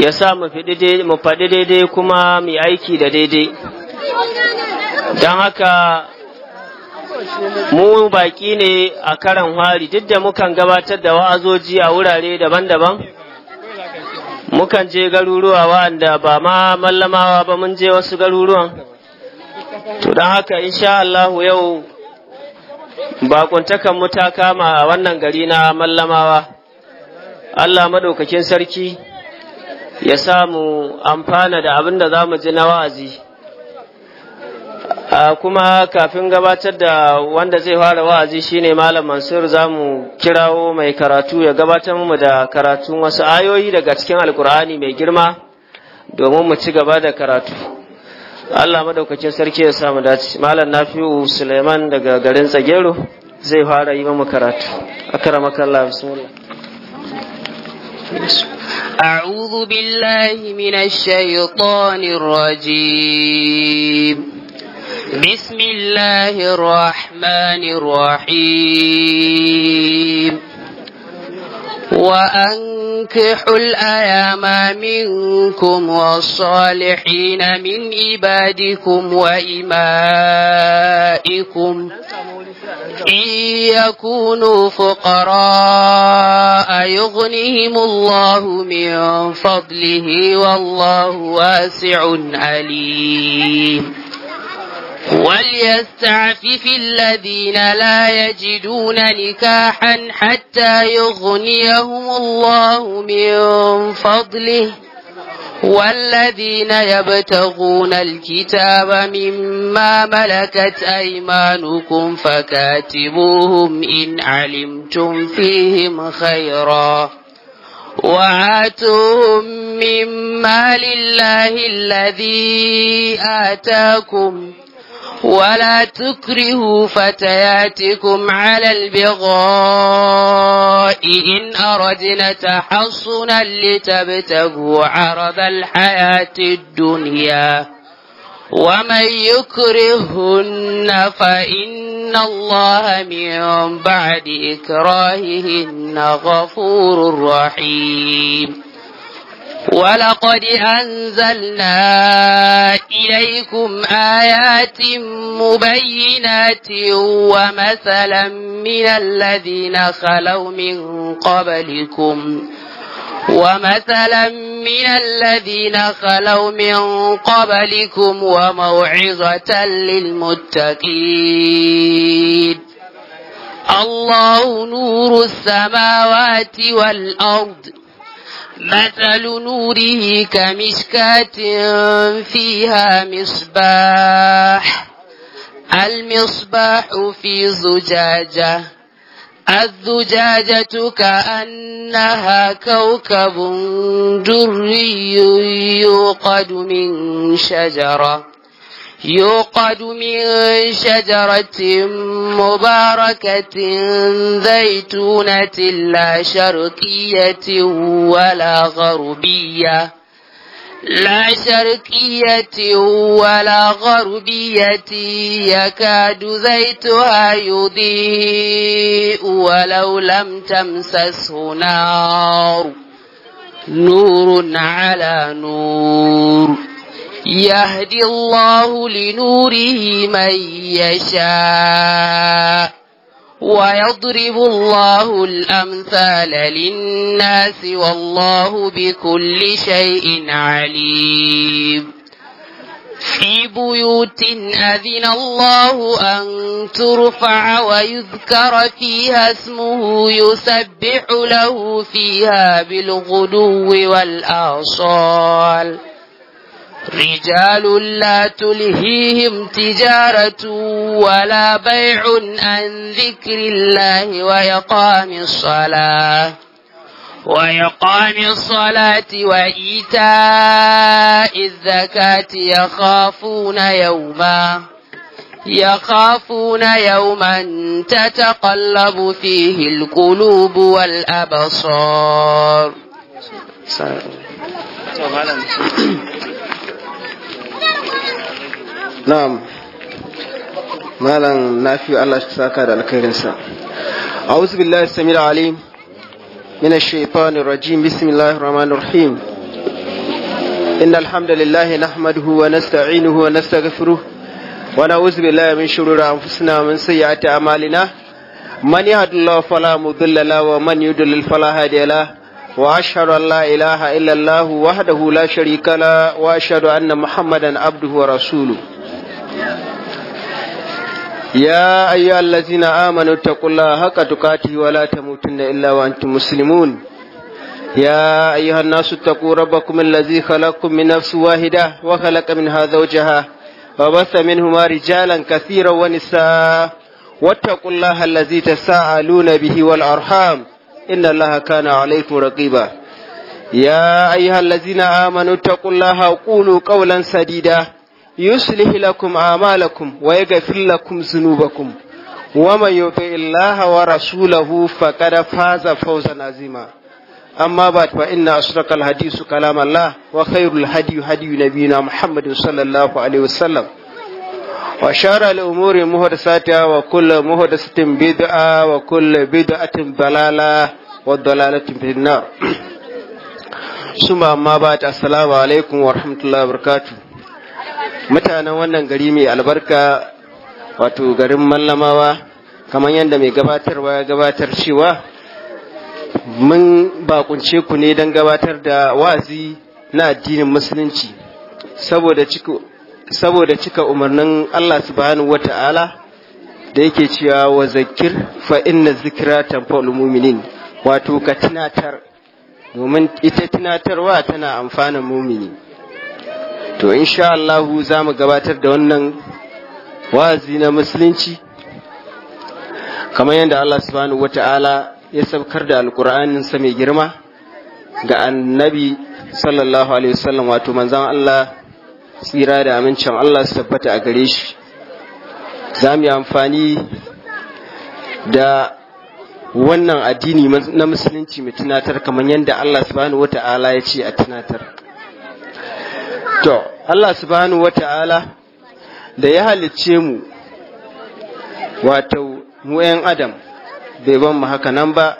ya sa mu faɗi daidai kuma mu aiki da daidai don haka mu baƙi ne a karan hari duk da mukan gabatar da wa'azoji a wurare daban-daban mukan je garuruwa wa'anda ba ma mallamawa ba mun je wasu garuruwan to don haka insha Allahu yau bakuntakan mu ta kama wannan gari na mallamawa Allah madaukakin sarki ya samu amfana da abin da za mu ji na wa'azi kuma kafin gabatar da wanda zai fara wa'azi shine malam mansur za mu kirawo mai karatu ya gabatar mu da karatun wasu ayoyi daga cikin alkur'ani mai girma domin mu ci gaba da karatu allah madaukakin sarki ya samu dace malam nafi'u suleiman daga garin tsagero zai fara yi mu karatu akaramakallah bismillah أعوذ بالله من الشيطان الرجيم بسم الله الرحمن الرحيم وأن وأنكحوا الأيام منكم والصالحين من عبادكم وإمائكم إن يكونوا فقراء يغنهم الله من فضله والله واسع عليم وليستعفف الذين لا يجدون نكاحا حتى يغنيهم الله من فضله والذين يبتغون الكتاب مما ملكت أيمانكم فكاتبوهم إن علمتم فيهم خيرا وعاتوهم مما لله الذي آتاكم ولا تكرهوا فتياتكم على البغاء إن أردنا تحصنا لتبتغوا عرض الحياة الدنيا ومن يكرهن فإن الله من بعد إكراههن غفور رحيم ولقد أنزلنا إليكم آيات مبينات ومثلا من الذين خلوا من قبلكم ومثلا من الذين خلوا من قبلكم وموعظة للمتقين الله نور السماوات والأرض مثل نوره كمشكاة فيها مصباح المصباح في زجاجة الزجاجة كأنها كوكب دري يوقد من شجرة يوقد من شجرة مباركة زيتونة لا شرقية ولا غربية لا شرقية ولا غربية يكاد زيتها يضيء ولو لم تمسسه نار نور على نور يهدي الله لنوره من يشاء ويضرب الله الأمثال للناس والله بكل شيء عليم في بيوت أذن الله أن ترفع ويذكر فيها اسمه يسبح له فيها بالغدو والآصال رجال لا تلهيهم تجارة ولا بيع عن ذكر الله ويقام الصلاة ويقام الصلاة وإيتاء الزكاة يخافون يوما يخافون يوما تتقلب فيه القلوب والأبصار. na'am malam na fi Allah shi saka da alkarinsa a'udhu billahi samir alim min ash-shaytan ar-rajim bismillahir rahmanir rahim inna alhamdulillah nahmaduhu wa nasta'inuhu wa nastaghfiruh wa na'udhu billahi min shururi anfusina min sayyiati amalina man wa man yudlil fala hadiya lahu wa يا أيها الذين آمنوا اتقوا الله حق تقاته ولا تموتن إلا وأنتم مسلمون يا أيها الناس اتقوا ربكم الذي خلقكم من نفس واحدة وخلق منها زوجها وبث منهما رجالا كثيرا ونساء واتقوا الله الذي تساءلون به والأرحام إن الله كان عليكم رقيبا يا أيها الذين آمنوا اتقوا الله وقولوا قولا سديدا يصلح لكم أعمالكم ويغفر لكم ذنوبكم ومن يطع الله ورسوله فقد فاز فوزا عظيما أما بعد فإن أصدق الحديث كلام الله وخير الهدي هدي نبينا محمد صلى الله عليه وسلم وشار الأمور محدثاتها وكل محدثة بدعة وكل بدعة ضلالة والضلالة في النار ثم أما بعد السلام عليكم ورحمة الله وبركاته mutanen wannan gari mai albarka wato garin mallamawa kamar yadda mai gabatarwa ya gabatar cewa mun bakunce ku ne don gabatar da wazi na addinin musulunci saboda cika umarnin Allah subhanahu wa ta'ala da yake cewa wa zakir fa inna zikira tamfa'ul muminin wato ka tunatar domin ita tunatarwa tana amfanin mumini to insha Allahu za mu gabatar da wannan wazi na musulunci kamar yadda Allah subhanahu wa ta'ala ya saukar da sa mai girma ga annabi sallallahu alaihi wasallam wato manzon Allah tsira da amincin Allah su tabbata a gare shi za mu yi amfani da wannan addini na musulunci mai tunatar kamar yadda Allah subhanahu wa ta'ala ya ce a tunatar To, Allah subhanahu wa da ya halicce mu, wato mu ‘yan Adam, bai ban mu haka nan ba,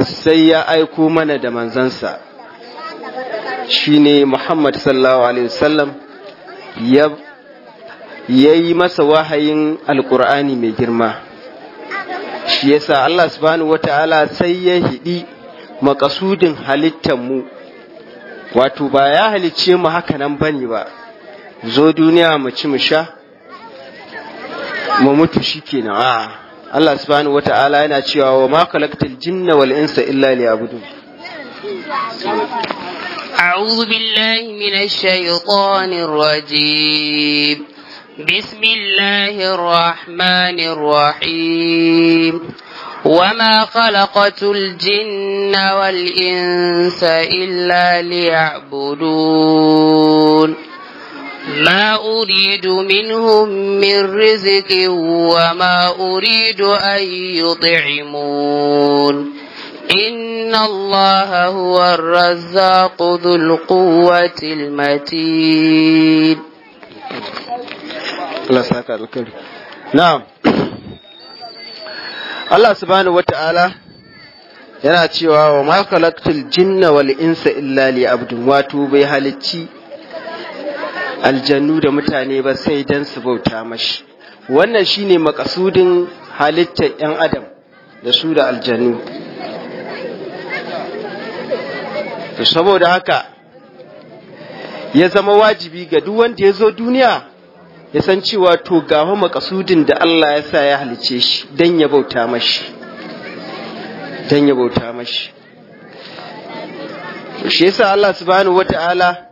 sai ya aiko mana da manzansa, shi ne Muhammad sallallahu Alaihi wasallam ya yi masa wahayin alkur'ani mai girma. Shi yasa Allah subhanahu wa sai ya hiɗi makasudin halittar mu. wato ba ya halicce mu haka nan bane ba zo duniya mu ci mu sha mu mutu shikenan a Allah subhanahu wata'ala yana cewa wa ma khalaqtul jinna wal insa illa liya'budun أعوذ بالله من الشيطان الرجيم بسم الله الرحمن الرحيم وما خلقت الجن والإنس إلا ليعبدون ما أريد منهم من رزق وما أريد أن يطعمون إن الله هو الرزاق ذو القوة المتين نعم Allah subhanahu wata'ala yana cewa wa ma khalaqtul jinna wal insa illa liya'budun wato bai halicci aljannu da mutane ba sai dan su bauta mashi wannan shine makasudin halittar yan adam da su da aljannu to saboda haka ya zama wajibi ga duk wanda ya zo duniya ya san cewa to gawa makasudin da Allah ya sa ya halice shi don ya bauta mashi don ya bauta mashi shi yasa Allah subhanahu wata'ala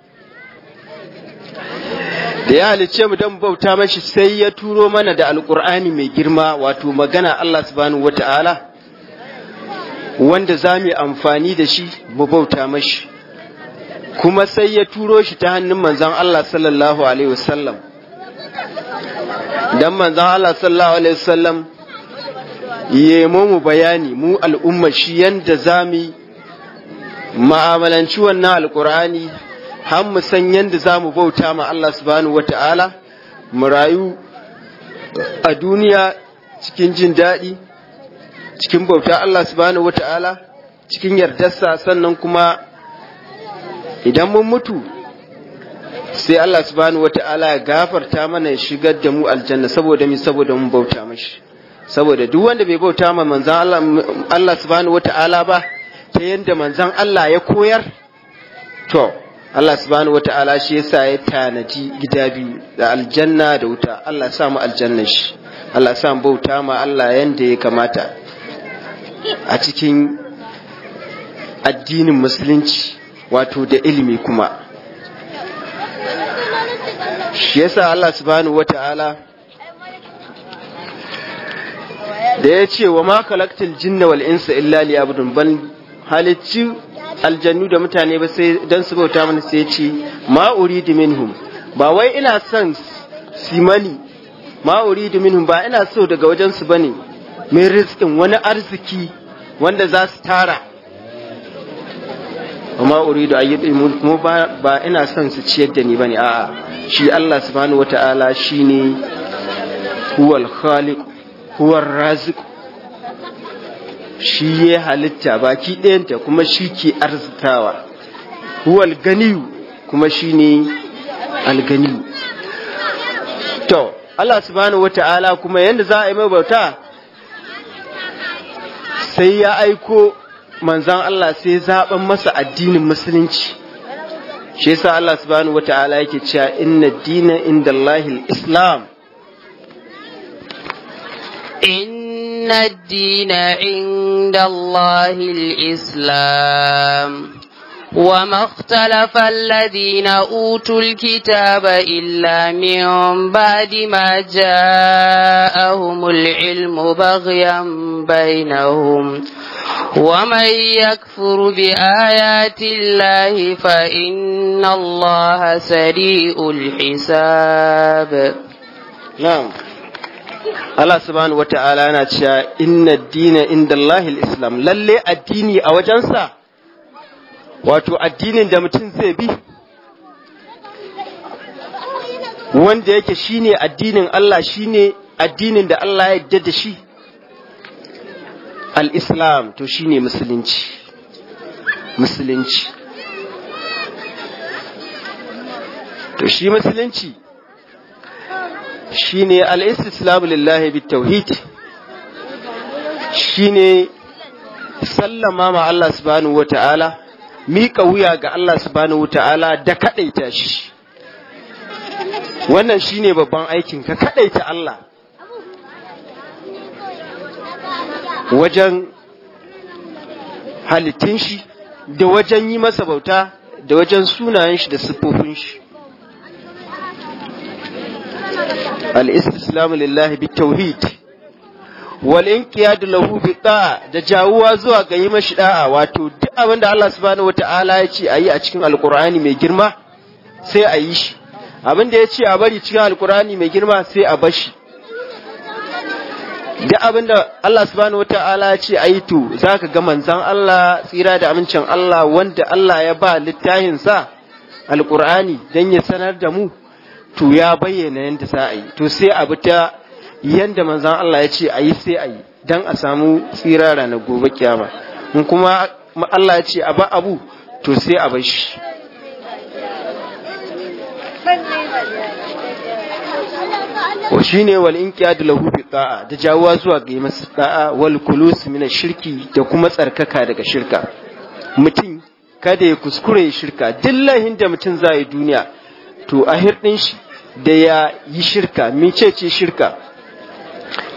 da ya halice mu don bauta mashi sai ya turo mana da alkur'ani mai girma wato magana Allah subhanahu wata'ala wanda za mu amfani da shi mu bauta mashi kuma sai ya turo shi ta hannun manzon Allah sallallahu alaihi wasallam dan manzan Allah sallallahu alaihi wasallam yemo mu bayani mu al'umma shi yanda zamu ma'amalanci wannan alqur'ani har mu san yanda zamu bauta ma Allah subhanahu wataala mu rayu a duniya cikin jin daɗi cikin bauta Allah subhanahu wataala cikin yardarsa sannan kuma idan mun mutu sai Allah subhanahu wata'ala ya gafarta mana ya shigar da mu aljanna saboda mi saboda mun bauta mashi saboda duk wanda bai bauta ma manzan Allah Allah subhanahu wata'ala ba ta yanda manzan Allah ya koyar to Allah subhanahu wata'ala shi yasa ya tanaji gida biyu da aljanna da wuta Allah sa mu aljanna shi Allah sa mu bauta ma Allah yanda ya kamata a cikin addinin musulunci wato da ilimi kuma shi yasa Allah subhanahu wata'ala da ya ce wa ma jinna wal insa illa liya'budun ban halicci aljannu da mutane ba sai dan su bauta mana sai ce ma uridu minhum ba wai ina son simani ma uridu minhum ba ina so daga wajen su bane min rizqin wani arziki wanda za su tara ma uridu ayyubi mu ba ina son su ciyar da ni bane a'a shi Allah subhanahu wata'ala ne huwal khaliq huwal raziq shi ya halitta baki ɗayanta kuma shi ke arzikawa huwal ganiyu kuma shi ne alganiyu to Allah subhanahu wata'ala kuma yadda za a yi mai bauta sai ya aiko manzan Allah sai zaben masa addinin musulunci shi yasa Allah subhanahu wata'ala yake cewa inna dina inda Allahil Islam inna dina inda Allahil Islam وما اختلف الذين أوتوا الكتاب إلا من بعد ما جاءهم العلم بغيا بينهم ومن يكفر بآيات الله فإن الله سريء الحساب نعم Allah subhanahu wata'ala yana cewa inna dina inda Allahil Islam lalle addini a wajensa wato addinin da mutum zai bi wanda yake shine addinin Allah shine addinin da Allah ya yarda da shi al-islam to shine musulunci musulunci to shi musulunci shine al-istislamu lillahi bit-tauhid shine sallama ma Allah subhanahu wata'ala miƙa wuya ga Allah subhanahu wata'ala da kadaita shi wannan shine babban aikin ka kadaita Allah wajen halittun shi da wajen yi masa bauta da wajen sunayen shi da siffofin shi al lillahi bi tauhid wal inqiyad lahu bi da jawuwa zuwa ga yi mashi da'a wato duk abinda da Allah subhanahu wataala ya ce ayi a cikin alqur'ani mai girma sai a yi shi abin da ya ce a bari cikin alqur'ani mai girma sai a bar shi duk da Allah subhanahu wata'ala ya ce ayi za ka ga manzan Allah tsira da amincin Allah wanda Allah ya ba littafin sa don ya sanar da mu to ya bayyana yadda za a yi to sai abu ta yanda manzan Allah ya ce ayi sai a yi don a samu tsira ranar gobe kyama in kuma Allah ya ce a ba abu to sai a bar shi wa shine wal inqiyad lahu da'a da jawuwa zuwa ga yi masa da'a wal kulus min shirki da kuma tsarkaka daga shirka mutum kada ya kuskure ya shirka dillahin da mutum za yi duniya to a hirɗin shi da ya yi shirka mecece shirka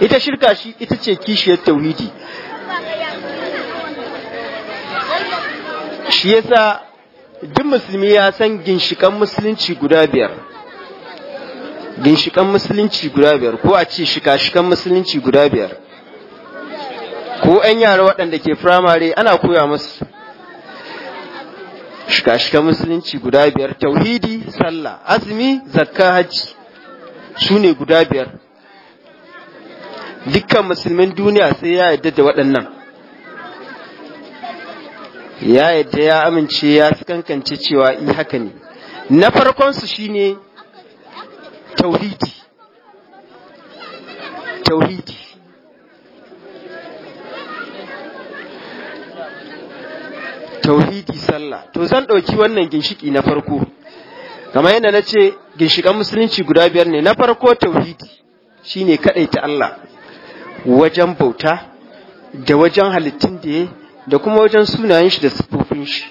ita shirka shi ita ce kishiyar tauhidi shi yasa duk musulmi ya san ginshikan musulunci guda biyar ginshikan musulunci guda biyar ko a ce shika-shikan musulunci guda biyar ko 'yan yara waɗanda ke firamare ana koya musu shika-shikan musulunci guda biyar tauhidi sallah azumi zakka hajji su ne guda biyar dukkan musulmin duniya sai ya yadda da waɗannan ya yadda ya amince ya kankance cewa i eh haka ne na farkonsu shine tauhidi tauhidi tauhidi sallah to zan ɗauki wannan ginshiki na farko kamar yadda na ce ginshikan musulunci guda biyar ne na farko tauhidi shine ta Allah wajen bauta da wajen halittun da ya da kuma wajen sunayen shi da siffofin shi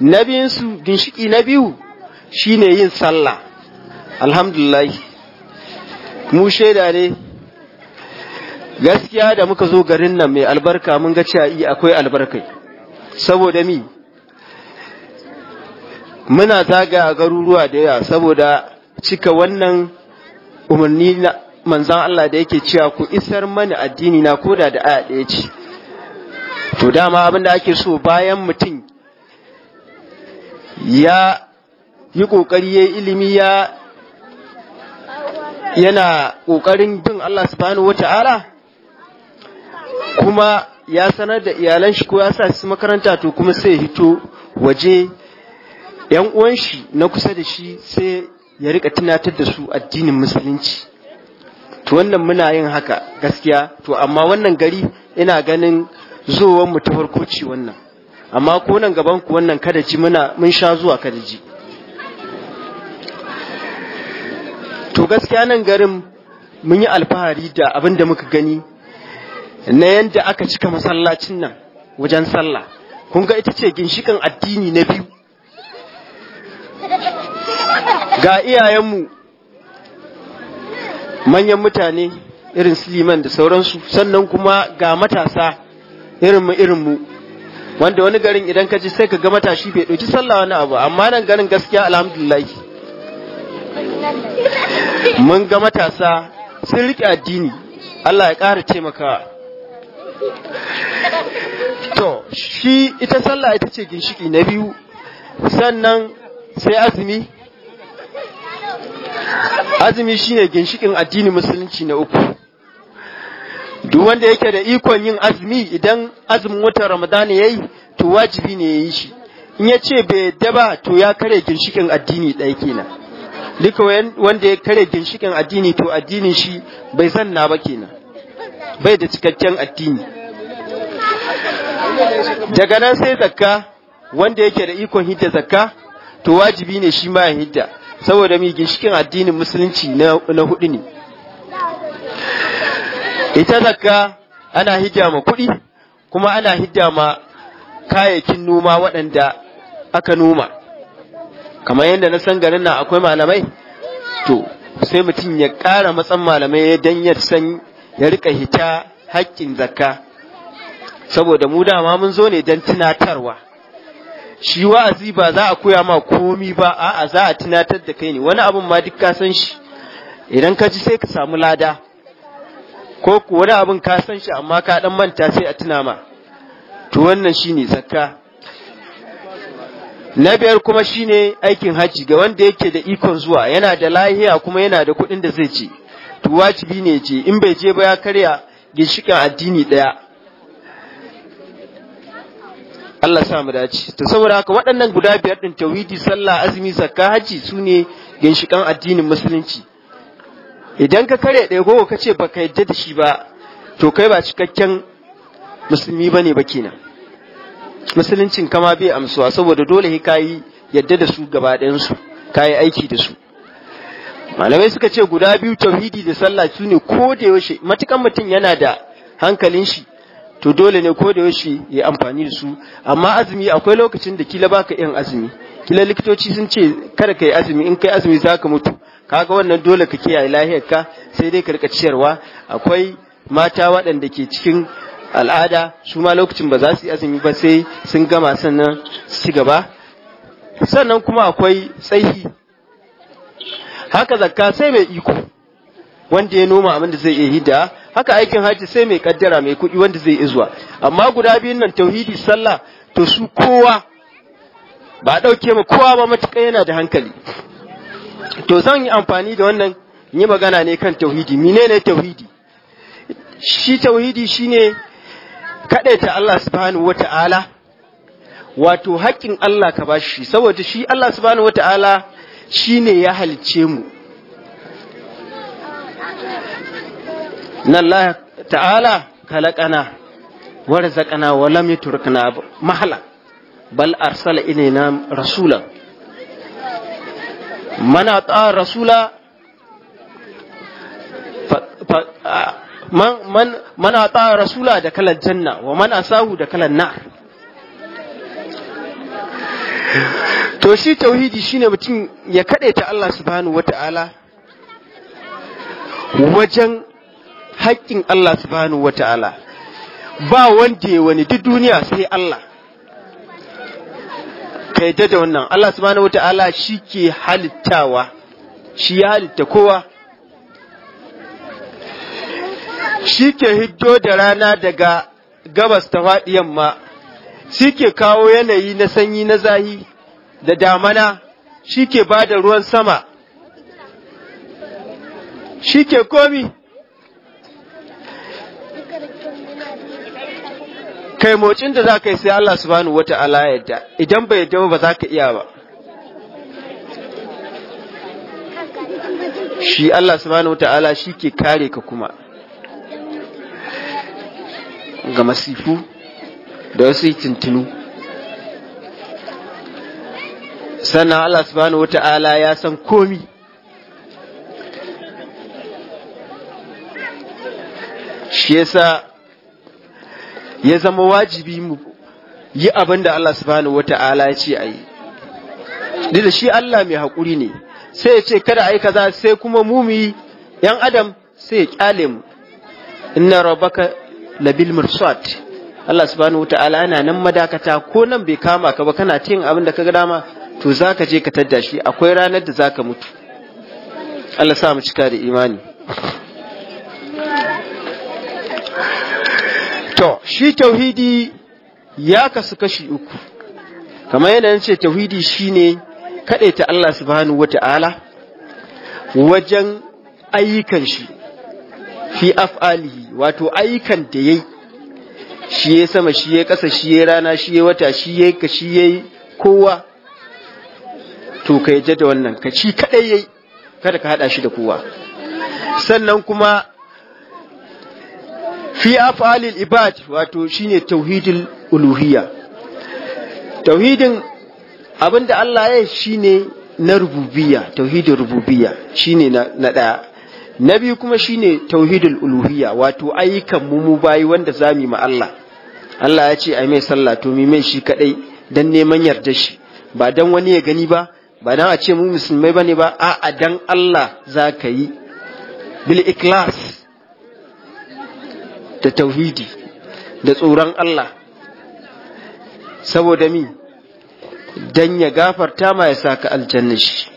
na biyunsu ginshiki na biyu shine yin sallah alhamdulillah mu shaida ne gaskiya da muka zo garin nan mai albarka mun ga cewa iya akwai albarka, saboda mi muna zaga a garuruwa da yawa saboda cika wannan umarni na manzan Allah da yake cewa ku isar mani addini na koda da aya ɗaya ce to dama abin da ake so bayan mutum ya yi ƙoƙari ya ilimi ya yana ƙoƙarin bin Allah subhanahu wata'ala kuma ya sanar da iyalan shi ko ya sa su makaranta to kuma sai hito waje yan uwan shi na kusa da shi sai ya rika tunatar da su addinin musulunci to wannan muna yin haka gaskiya to amma wannan gari ina ganin zuwan mu ta farko wannan amma ko nan gaban ku wannan kada ji muna mun sha zuwa kada ji to gaskiya nan garin mun yi alfahari da abin da muka gani na yadda aka cika masallacin nan wajen sallah kun ga ita ce ginshikan addini na biyu ga iyayenmu manyan mutane irin siliman da sauransu sannan kuma ga matasa irinmu irinmu wanda wani garin idan ka ji sai ka ga matashi bai ɗauki sallah wani abu amma nan garin gaskiya alhamdulillahi mun ga matasa sun riƙe addini Allah ya ƙara taimakawa to shi ita sallah ita ce ginshiki na biyu sannan sai azumi azumi shine ginshikin addini musulunci na uku duk wanda yake da ikon yin azumi idan azumin watan ramadana ya yi to wajibi ne ya yi shi in ya ce bai yadda to ya kare ginshikin addini ɗaya kenan duka wanda ya kare ginshikin addini to addinin shi bai zanna ba kenan bai da cikakken addini daga nan sai zakka wanda yake da ikon hidda zakka to wajibi ne shi ma ya hidda saboda mai ginshikin addinin musulunci na hudu ne ita zakka ana hidda ma kuɗi kuma ana hidda ma kayayyakin noma waɗanda aka noma kamar yadda na san garin nan akwai malamai to sai mutum ya ƙara matsan malamai don ya san ya rika hita haƙƙin zakka saboda mu dama mun zo ne don tunatarwa shi wa'azi ba za a koya ma komi ba a'a za a tunatar da kai ne wani abin ma duk ka san shi idan ka ji sai ka samu lada ko wani abin ka san shi amma ka dan manta sai a tuna ma to wannan shine zakka na biyar kuma shine aikin hajji ga wanda yake da ikon zuwa yana da lahiya kuma yana da kuɗin da zai ce to wajibi ne ce in bai je ba ya karya ginshikin addini ɗaya Allah sa mu dace to saboda haka waɗannan guda biyar din tauhidi sallah azumi zakka hajji ne ginshikan addinin musulunci idan ka karya ɗaya gogo ka ce baka yadda da shi ba to kai ba cikakken musulmi bane ba kenan musuluncin kama bai amsuwa saboda dole ka yi yadda da su gaba su ka yi aiki da su malamai suka ce guda biyu tauhidi da sallah su ne ko da yaushe matukan mutum yana da hankalin shi to dole ne ko da yaushe ya amfani da su amma azumi akwai lokacin da kila baka yan azumi kila likitoci sun ce kada ka yi azumi in kai azumi za ka mutu kaga wannan dole ka kiyaye lahiyarka sai dai ka ciyarwa akwai mata waɗanda ke cikin al'ada su ma lokacin ba za su yi azumi ba sai sun gama sannan su ci gaba sannan kuma akwai tsaihi haka zakka sai mai iko wanda ya noma abin da zai iya hida haka aikin haji sai mai kaddara mai kuɗi wanda zai iya zuwa amma guda biyun nan tauhidi sallah to su kowa ba a ɗauke ma kowa ba matuƙa yana da hankali to zan yi amfani da wannan yi magana ne kan tauhidi menene tauhidi shi tauhidi shine kadaita Allah subhanahu wata'ala wato haƙƙin Allah ka bashi saboda shi Allah subhanahu wata'ala ne ya halice mu Allah ta'ala kalaqana wa razaqana wa lam na mahala bal arsala ina na rasulan mana ta rasula man man ata rasula da kalan janna wa man asahu da kalan nar to shi tauhidi shine mutum ya ta Allah subhanahu wata'ala wajen haƙƙin Allah subhanahu wata'ala ba wanda ya wani duk duniya sai Allah ka da wannan Allah subhanahu wata'ala shi ke halittawa shi ya halitta kowa shi ke hiddo da rana daga gabas ta faɗi yamma, shi ke kawo yanayi na sanyi na zahi da damana, shi ke ba da ruwan sama, shi ke komi. Kai mocin da za ka yi sai Allah subhanahu wa ta'ala yadda, idan bai yadda ba za ka iya ba. Shi Allah subhanahu wa ta'ala shi ke kare ka kuma. ga masifu da wasu tuntunu sannan Allah subhanahu wa ta'ala ya san komi shi yasa ya zama wajibi mu yi abin da Allah subhanahu wa ta'ala ya ce a yi shi Allah mai haƙuri ne sai ya ce kada a yi kaza sai kuma mu mu ‘yan adam sai ya ƙyale mu inna rabbaka labil mursad Allah subhanahu wata'ala yana nan madakata ko nan bai kama ka ba kana ta abin da ka ga dama to zaka je ka tadda shi akwai ranar da zaka mutu Allah sa mu cika da imani to shi tauhidi ya kasu kashi uku kamar yadda ce tauhidi shine kaɗaita Allah subhanahu wata'ala wajen ayyukan shi fi af'alihi wato ayyukan da yayi shi yayi sama shi yayi kasa shi yayi rana shi yayi wata shi yayi ka shi yayi kowa to ka yadda da wannan ka ci kadai yayi kada ka hada shi da kowa sannan kuma fi af'alil ibad wato shine tauhidul uluhiyya tauhidin abinda Allah ya shine na rububiyya tauhidin rububiyya shine na daya na biyu kuma ne tauhidul uluhiyya wato ayyukan mu mu bayi wanda za mu yi ma Allah Allah ya ce ai mai sallah to mi mai shi kadai dan neman yarda shi ba dan wani ya gani ba ba dan a ce mu musulmai bane ba a'a dan Allah za ka yi bil ikhlas da tauhidi da tsoron Allah saboda mi dan ya gafarta ma ya saka aljanna shi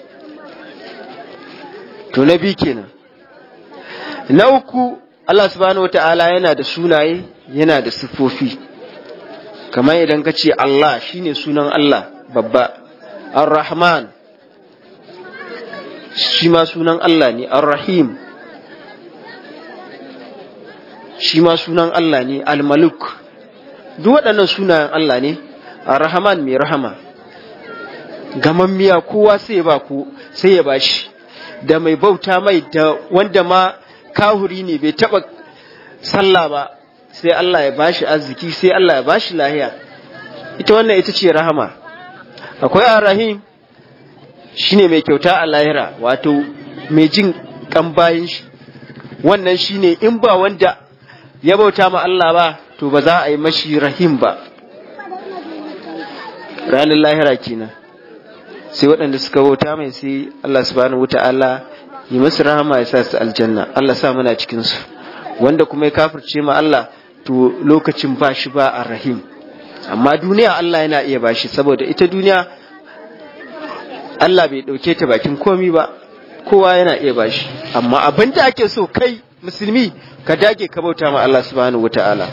to na bi kenan na uku Allah subhanahu ta’ala yana da sunaye yana da siffofi kamar idan ka ce Allah shi ne sunan Allah babba ar-rahman shi ma sunan Allah ne ar-rahim shi ma sunan Allah ne al-maluk duk waɗannan sunayen Allah ne ar-rahman mai rahama gaman miya kowa sai ya ba ku sai ya bashi da mai bauta mai da wanda ma kahuri ne bai taba sallah ba sai Allah ya bashi arziki sai Allah ya bashi lahiya ita wannan ita ce rahama akwai arahim shine mai kyauta a lahira wato mai jin kan bayan shi wannan shine in ba wanda ya bauta ma Allah ba to ba za a yi mashi rahim ba ranar lahira kenan sai waɗanda suka bauta mai sai Allah subhanahu ta'ala yi musu rahama ya sa su aljanna Allah sa muna cikin su wanda kuma ya kafirce ma Allah to lokacin ba shi ba a rahim amma duniya Allah yana iya bashi saboda ita duniya Allah bai ɗauke ta bakin komi ba kowa yana iya bashi amma abin da ake so kai musulmi ka dage ka bauta ma Allah subhanahu wata'ala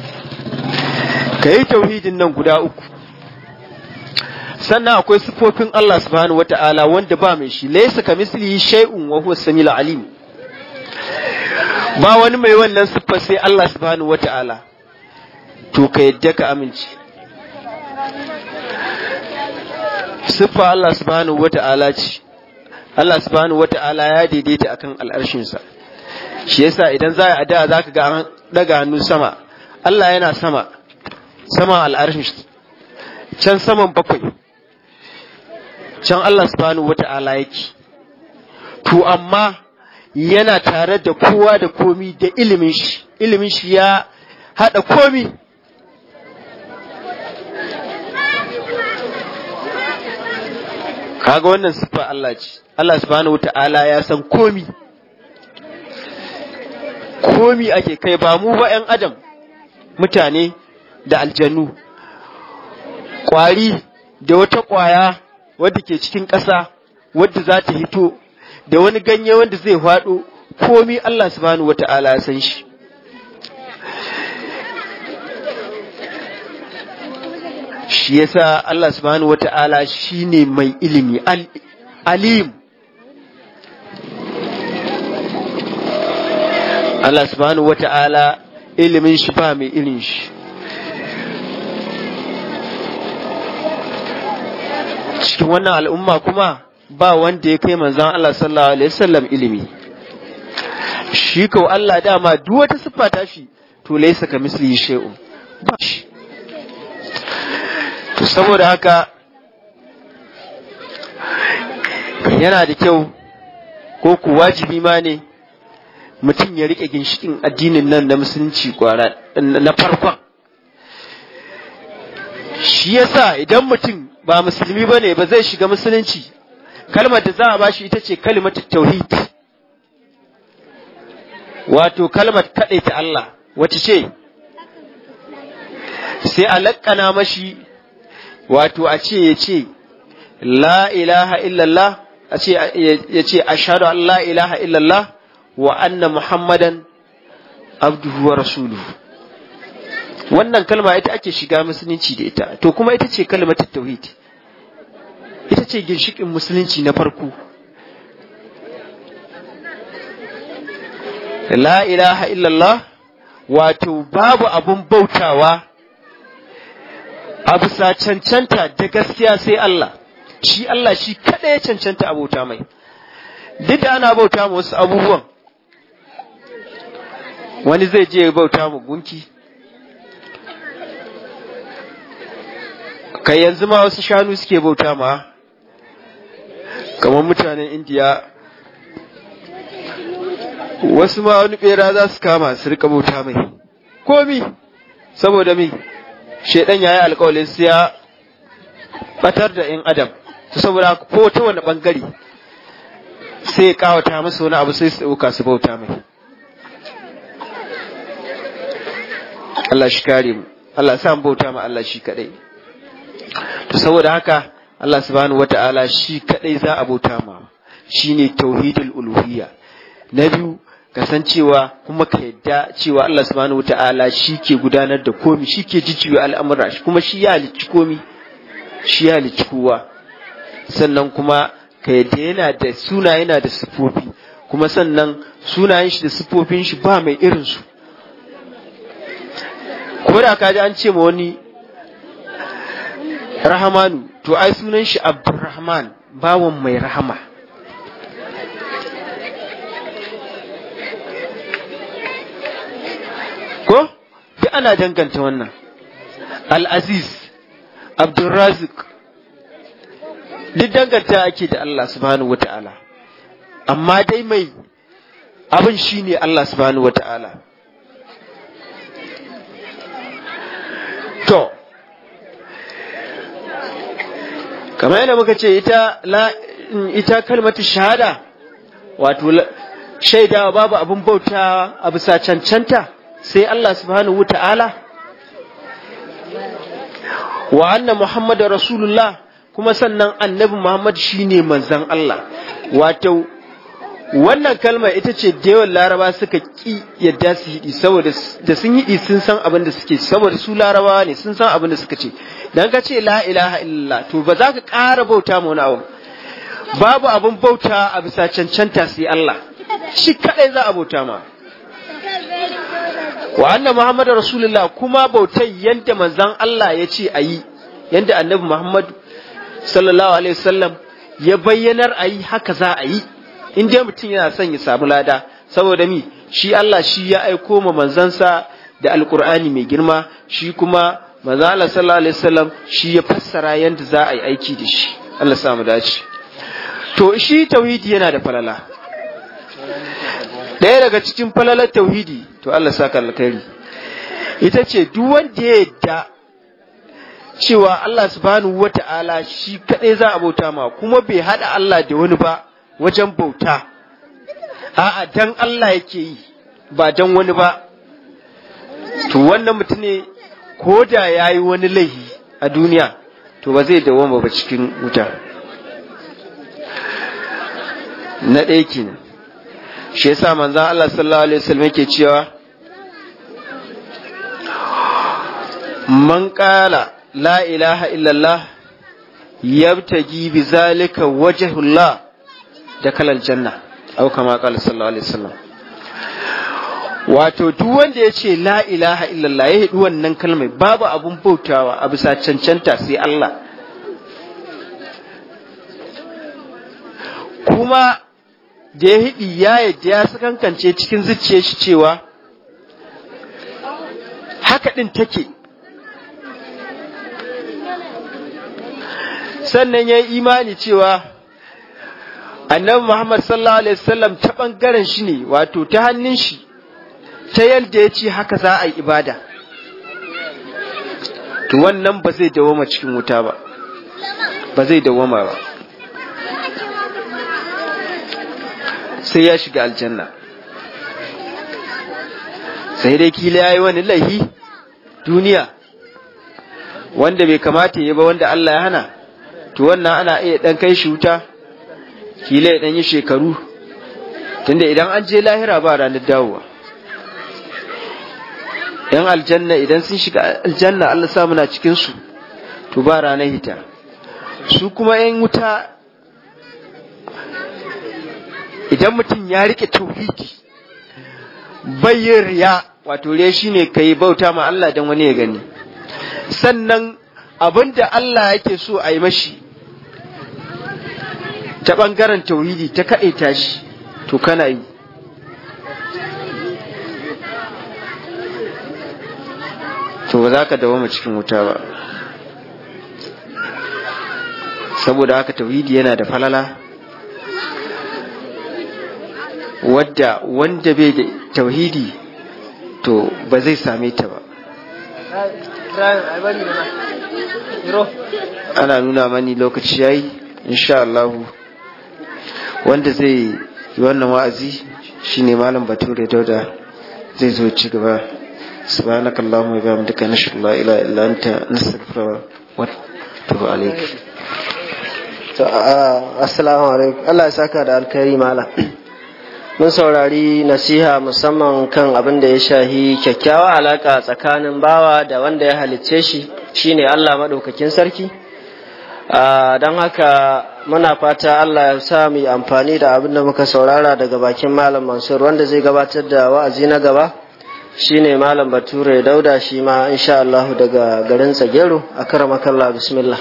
ka yi tauhidin nan guda uku sannan akwai sifofin Allah subhanahu wata'ala wanda ba mai shi laysa kamislihi shay'un wa huwa samil alim ba wani mai wannan siffa sai Allah subhanahu wata'ala to ka yadda ka amince siffa Allah subhanahu wata'ala ce Allah subhanahu wata'ala ya daidaita akan sa shi yasa idan za a da za ka ga an daga hannu sama Allah yana sama sama al'arshin can saman bakwai can Allah subhanahu wata'ala yake to amma yana tare da kowa da komi da ilimin shi ilimin shi ya haɗa komi kaga wannan siffa Allah ce Allah subhanahu wata'ala ya san komi komi ake kai ba mu ba 'yan adam mutane da aljanu ƙwari da wata ƙwaya wadda ke cikin ƙasa wadda za ta hito da wani ganye wanda zai faɗo komi Allah subhanahu wata'ala ya san shi shi yasa Allah subhanahu shi ne mai ilimi alim Allah subhanahu wata'ala ilimin shi ba mai ilin shi cikin wannan al'umma kuma ba wanda ya kai manzan Allah sallallahu alaihi wasallam ilimi shi ko Allah dama duk wata siffa ta shi to laisa ka misli yi to saboda haka yana da kyau ko ku wajibi ma ne mutum ya riƙe ginshikin addinin nan na musulunci na farkon shi yasa idan mutum ba musulmi bane ba zai shiga musulunci kalmar da za a bashi ita ce kalmar tauhid wato kalmar kaɗai ta Allah wace ce sai a laƙana mashi wato a ce ya ce la ilaha illallah a ce ya ce a an la ilaha illallah wa anna muhammadan abduhu wa rasuluhu wannan kalma ita ake shiga musulunci da ita to kuma ita ce kalmar tauhid ita ce ginshikin musulunci na farko la ilaha illallah wato babu abun bautawa a sa cancanta da gaskiya sai Allah shi Allah shi kada ya cancanta abota mai duk da ana bauta wasu abubuwan wani zai je ya bauta mu gunki kai yanzu ma wasu shanu suke bauta ma kamar mutanen indiya wasu ma wani bera za su kama su rika bauta mai komi saboda mai shaidan ya yi alkawalin su ya batar da yan adam su saboda ko ta wani bangare sai ya kawata musu wani abu sai su ɗauka su bauta mai Allah shi kare mu Allah sa mu bauta ma Allah shi kadai to saboda haka Allah subhanahu wata'ala shi kadai za a bauta ma shi ne tauhidul uluhiyya na biyu kasancewa kuma ka yadda cewa Allah subhanahu wata'ala shi ke gudanar da komi shi ke jijiyo al'amura kuma shi ya halicci komi shi ya halicci kowa sannan kuma ka yadda yana da suna yana da sifofi kuma sannan sunayen shi da sifofin shi ba mai irinsu kuma da ka ji an ce ma wani rahamanu to ai sunan shi abdurrahman bawan mai rahama ko duk ana danganta wannan al-aziz abdurrazik duk danganta ake da Allah subhanahu wata'ala amma dai mai abin shine Allah subhanahu wata'ala kamar yadda muka ce ita la ita kalmatu shahada wato shaida babu abin bauta a bisa cancanta sai Allah subhanahu wata'ala wa anna muhammadar rasulullah kuma sannan annabi muhammad shine manzon Allah wato wannan kalmar ita ce dewar laraba suka ƙi yadda su yi saboda da sun yi sun san abin da suke saboda su laraba ne sun san abin da suka ce dan ka ce la ilaha illallah to ba za ka ƙara bauta ma wani babu abin bauta a bisa cancanta sai Allah shi kadai za a bauta ma wa anna muhammadu rasulullah kuma bautai yadda manzon Allah ya ce a yi yadda annabi muhammad sallallahu alaihi wasallam ya bayyanar a yi haka za a yi in dai mutum yana son ya samu lada saboda mi shi Allah shi ya aiko ma manzansa da alkur'ani mai girma shi kuma manzan Allah sallallahu alaihi wasallam shi ya fassara yadda za a yi aiki da shi Allah samu dace to shi tauhidi yana da falala ɗaya daga cikin falalar tauhidi to Allah saka alkhairi ita ce duk wanda ya yadda cewa Allah subhanahu wata'ala shi kadai za a bauta ma kuma bai hada Allah da wani ba wajen bauta a'a dan Allah yake yi ba dan wani ba to wannan mutum ne ko da ya yi wani laihi a duniya to ba zai dawoma ba cikin wuta na ɗaya kenan shi yasa manzan Allah sallallahu alaihi wasallam ke cewa man ƙala la ilaha illallah yabtaji bi zalika wajhullah kalar janna au kama sallallahu alaihi wasallam wato duk wanda ya ce la ilaha illallah ya hidu wannan kalmai babu abun bautawa a bisa cancanta sai Allah kuma da ya hidi ya yadda ya sakankance cikin zuciyar shi cewa haka din take sannan ya yi imani cewa annabi Muhammad sallallahu alaihi wasallam ta bangaren shi ne wato ta hannun shi ta yadda ya ce haka za a yi ibada to wannan ba zai dawoma cikin wuta ba ba zai dawoma ba sai ya shiga aljanna sai dai kila ya yi wani lahi duniya wanda bai kamata ya ba wanda Allah ya hana to wannan ana iya ɗan kai shi wuta kila ya ɗanyi shekaru tunda idan an je lahira ba ranar dawowa yan aljanna idan sun shiga aljanna Allah sa muna cikinsu to ba ranar hita su kuma yan wuta idan mutum ya rike tauhidi bai yin riya wato riya shine kai bauta ma Allah dan wani ya gani sannan abinda Allah yake so a yi mashi ta ɓangaren tauhidi ta kaɗe tashi to kana yi to ba za ka dawoma cikin wuta ba saboda haka tauhidi yana da falala wadda wanda bai da tauhidi to ba zai same ta ba ana nuna mani lokaci yayi insha Allahu wanda zai yi wannan wa'azi shine malam bature dauda zai zo ci gaba subhanaka allahumma wa bihamdika nashhadu la ilaha illa anta nastaghfiruka wa natubu alayk to assalamu alaikum Allah ya saka da alkhairi malam mun saurari nasiha musamman kan abin da ya shahi kyakkyawa alaka tsakanin bawa da wanda ya halicce shi shine Allah maɗaukakin sarki Ah, don haka muna fata Allah ya sa amfani da abin da muka saurara daga bakin malam Mansur wanda zai gabatar da wa'azi na gaba shine malam Bature Dauda shi ma insha Allah daga garin Tsagero a karamakallah bismillah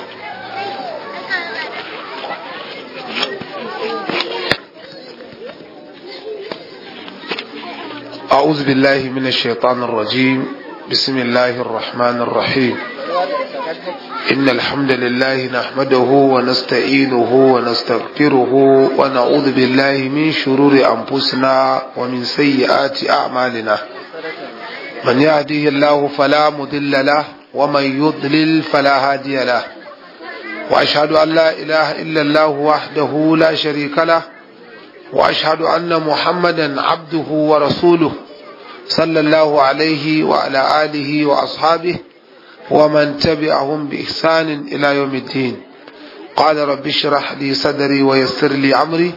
أعوذ بالله من الشيطان الرجيم بسم الله الرحمن الرحيم إن الحمد لله نحمده ونستعينه ونستغفره ونعوذ بالله من شرور أنفسنا ومن سيئات أعمالنا من يهديه الله فلا مضل له ومن يضلل فلا هادي له وأشهد أن لا إله إلا الله وحده لا شريك له وأشهد أن محمدا عبده ورسوله صلى الله عليه وعلى آله وأصحابه ومن تبعهم بإحسان إلى يوم الدين قال رب اشرح لي صدري ويسر لي أمري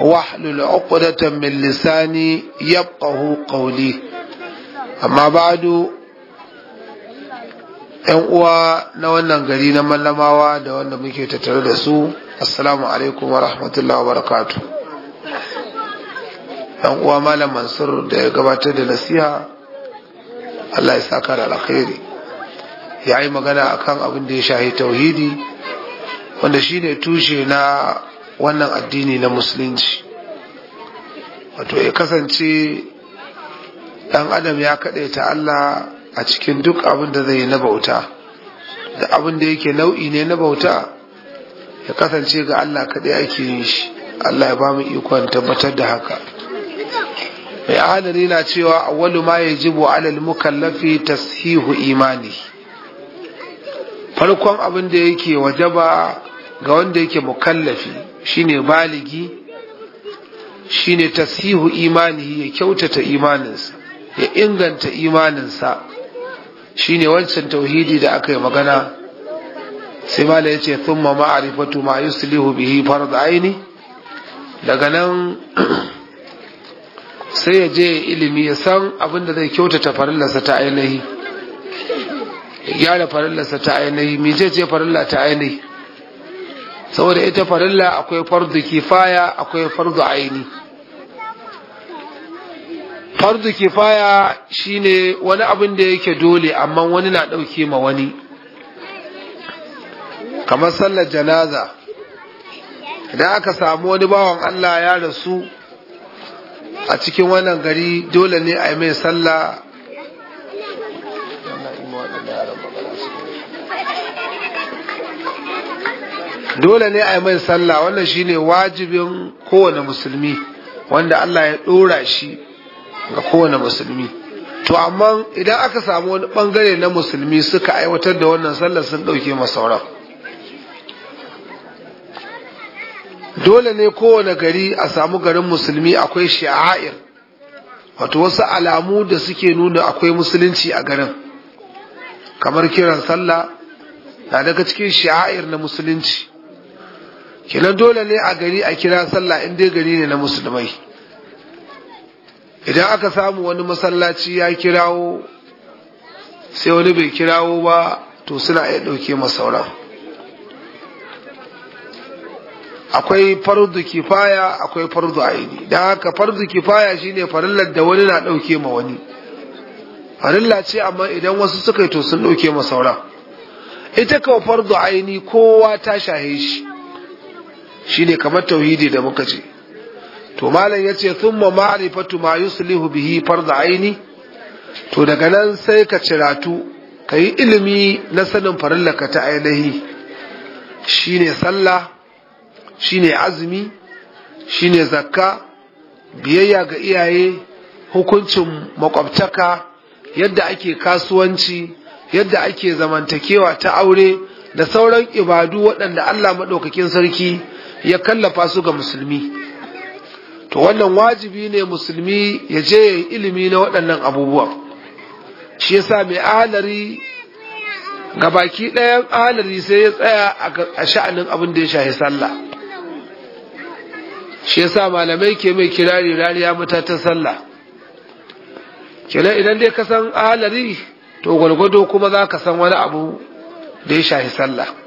واحلل عقدة من لساني يبقه قولي أما بعد ‘yan uwa na wannan gari na mallamawa da wanda muke tattare da su assalamu alaikum wa rahmatullahi wa barakatu ‘yan uwa malam mansur da ya gabatar da nasiha Allah ya saka da alkhairi ya yi magana a kan abin da ya shahi tauhidi wanda shi ne tushe na wannan addini na musulunci wato ya kasance ɗan adam ya ta Allah a cikin duk abin da zai yi na bauta da abin da yake nau'i ne na bauta ya kasance ga Allah kaɗai ake yin shi Allah ya ba mu ikon tabbatar da haka mai ahalari na cewa awwalu ma ya yajibu alal mukallafi tashihu imani farkon abin da yake ba ga wanda yake mukallafi shine baligi shine tasihu imanihi ya kyautata imaninsa ya inganta imaninsa shine wancan tauhidi da aka yi magana sai mala ya ce thumma ma'arifatu ma yuslihu bihi da aini daga nan sai ya je ilimi ya san abin da zai kyautata farillarsa ta ainihi gyara farillarsa ta ainihi mece ce farilla ta ainihi saboda ita farilla akwai fardu kifaya akwai fardu aini fardu kifaya shine wani abin da yake dole amma wani na ɗauke ma wani kamar sallar janaza idan aka samu wani bawan Allah ya rasu a cikin wannan gari dole ne a yi mai sallah dole ne a yi mai sallah wannan ne wajibin kowane musulmi wanda Allah ya ɗora shi ga kowane musulmi to amma idan aka samu wani bangare na musulmi suka aiwatar da wannan sallah sun ɗauke masauran dole ne kowane gari a samu garin musulmi akwai sha'air wato wasu alamu da suke nuna akwai musulunci a garin kamar kiran sallah na daga cikin sha'air na musulunci kina dole ne a gari a kira sallah in dai gari ne na musulmai idan aka samu wani masallaci ya kirawo sai wani bai kirawo ba to suna iya ɗauke masauran akwai fardu kifaya akwai fardu aini don haka fardu kifaya shine farillar da wani na ɗauke ma wani farilla ce amma idan wasu suka yi to sun ɗauke masauran ita kawo fardu aini kowa ta shahe shi Shi ne kamar tauhidi da muka ce to malam yace thumma ma'rifatu ma yuslihu bihi farz aini to daga nan sai ka ciratu ka yi ilimi na sanin farallaka ta ainihi Shi shine sallah shine azumi ne zakka biyayya ga iyaye hukuncin makwabtaka yadda ake kasuwanci yadda ake zamantakewa ta aure da sauran ibadu waɗanda Allah maɗaukakin sarki ya kallafa su ga musulmi to wannan wajibi ne musulmi ya je ya ilimi na waɗannan abubuwan shi yasa mai alari ga baki ɗayan alari sai ya tsaya a sha'anin abin da ya shahi sallah shi yasa malamai ke mai kirari rariya matatan sallah kenan idan dai ka san alari to gwargwado kuma za ka san wani abu da ya shahi sallah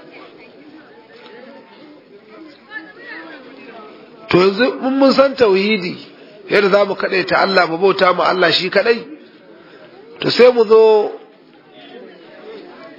to yanzu mun mun san tauhidi yadda za mu kaɗai ta Allah mu bauta mu Allah shi kaɗai to sai mu zo